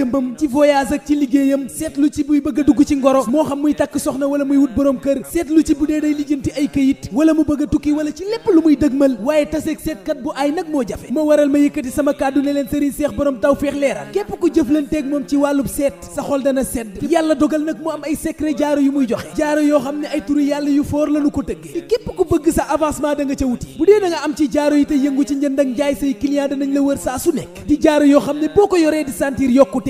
jëmbam ci voyage ak ci liggéeyam seetlu ci buy bëgg dugg ci ngoro moo xam muy takk soxna wala muy wut borom kër seetlu ci bu dee day lijjanti ay këyit wala mu bëgg tukki wala ci lépp lu muy dëgmal waaye taseeg seetkat bu ay nag moo jafe ma waral ma yëkkati sama kàddu ne leen sëriñ seex borom taw feex leeral képp ku jëflanteeg moom ci wàllub seet sa xol dana sedd yàlla dogal nag mu am ay secret jaaro yu muy joxe jaaro yoo xam ne ay turu yàlla yu foor lanu ko tëggee képp ku bëgg sa avancement da nga wuti bu dee am ci jaaro yi te yëngu ci njënd ak njaay say client danañ la wër saa su nekk jaaro yoo xam ne boo ko yoree di sentir yokkute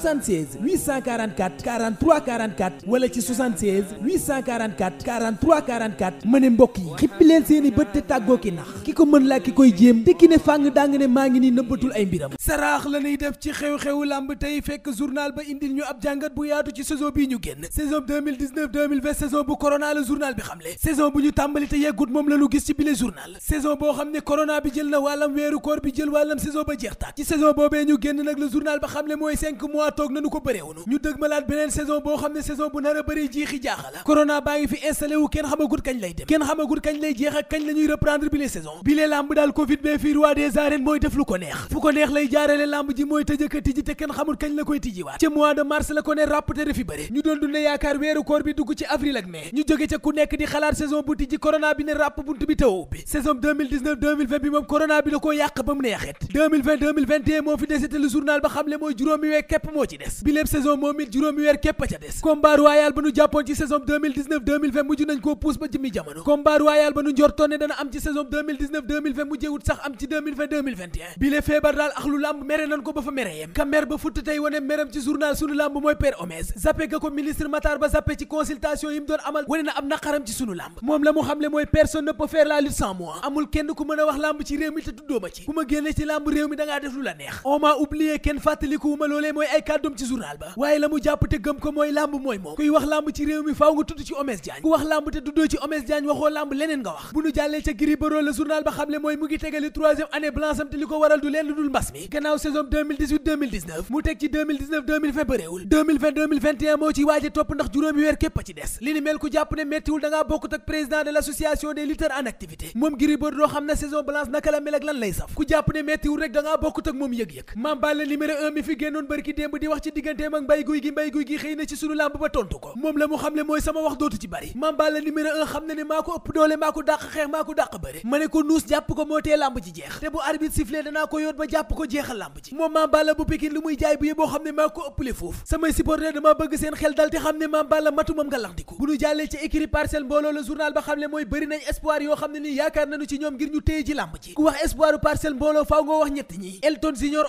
76 844 43 44 wala ci 76 844 43 44 ma ne mbokk yi xippi leen seen i bët te tàggoo ki nax ko mën laa ki koy jéem te ki ne fàng daa ne maa ngi ni nëbbatul ay mbiram saraax la def ci xew-xewu làmb tey fekk journal ba indil ñu ab jàngat bu yaatu ci saison bii ñu génn saison bu corona la journal bi xamle saison bu ñu tàmbali yeggut moom la gis ci bile journal saison boo xam ne corona bi jël na wàllam weeru koor bi jël wàllam saison ba jeex taat ci saison boobee ñu génn nag le journal ba xamle mooy cinq mois toog nañu ko bëreewunu a bëri bile lamb daal covid bee fii roi des arènes mooy def lu ko neex fu ko neex lay jaarale lamb ji mooy tëjëkka tijji te kenn xamul kañ la koy tijjiwaat ca mois de mars la ko ne ràppte refi bëre ñu doon dunde yaakaar weeru koor bi dugg ci avril ak mai ñu jóge ca ku nekk di xalaat saison bu tijji corona bi ne ràpp bunt bi taw bi saison 2019 bi moom corona bi da koo yàq ba mu neexet 2020 moo fi desete lu journal ba xamle mooy juróomi weer képp moo ci 2019 2020 sax am ci 2020 feebar daal ax lu làmb mere nan ko ba fa mere yem ka mer ba futt tey wane ci journal sunu làmb mooy Père Omès zappe ga ko ministre Matar Ba zappe ci consultation yi mu doon amal wane na am naqaram ci sunu làmb moom la mu xamle mooy personne ne peut faire la lutte sans moi amul kenn ku mën a wax làmb ci réew mi te tuddoo ma ci ku ma génne ci làmb réew mi da def lu la neex on m'a kenn fàttalikuwuma loolee mooy ay journal ba xamle mooy mu ngi tegale troisième année blanche am te li ko waral du leen lu dul mbas mi gannaaw saison 2018 2019 mu teg ci 2019 2020 bëreewul 2020 2021 moo ci waaje topp ndax juróomi weer képp a ci des li ni mel ku jàpp ne méttiwul da ngaa bokkut ak président de l' association des lutteurs en activité moom Gris Bordeaux xam na mel ku jàpp ne méttiwul rek bokkut ak moom yëg-yëg Mame Balla numéro 1 moom la mu xam na ne maa ko ëpp doole nuus jàpp ko moo tee làmb ji jeex te bu arbitre sifflé danaa ko yoot ba jàpp ko jeexal làmb ji moom Mame bu Pikine lu muy jaay bu yeboo xam ne maa ko ëppale foofu samay supporter dama bëgg seen xel dal te xam ne Mame Balla matu moom nga bu ñu jàllee ca écurie Parcelles mbooloo la journal ba xam ne mooy bëri nañ espoir yoo xam ne nii yaakaar nañu ci ñoom ngir ñu téye ji làmb ji ku wax espoir u mbooloo faaw nga wax ñett ñi Elton Junior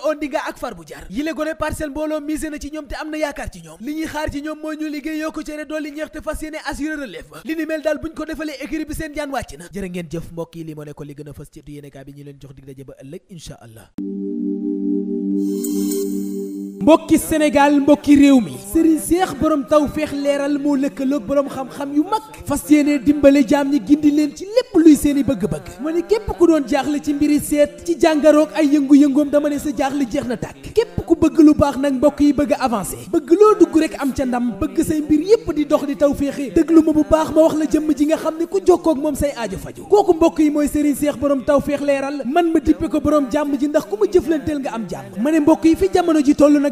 li gën a fas ci yéenekaay bi ñu leen jox dig daje ba allah mbokki Sénégal mbokki réew mi sëriñ seex borom tawféex leeral moo lëkkaloog borom xam-xam yu mag fas yéene dimbale jaam ñi gindi leen ci lépp luy seeni bëgg-bëgg ma ne képp ku doon jaaxle ci mbiri seet ci jàngaroog ay yëngu-yëngoom dama ne sa jaaxle jeex na tàkk képp ku bëgg lu baax nag mbokk yi bëgg a bëgg loo dugg rek am ca ndam bëgg say mbir yépp di dox di tawféexe déglu ma bu baax ma wax la jëmm ji nga xam ne ku jokkoo ak moom say aajo faju kooku yi mooy sëriñ seex borom tawféex leeral man ma dippe ko borom jàmm ji ndax ku ma jëflanteel am mbokk yi fi jamono ji tollu nag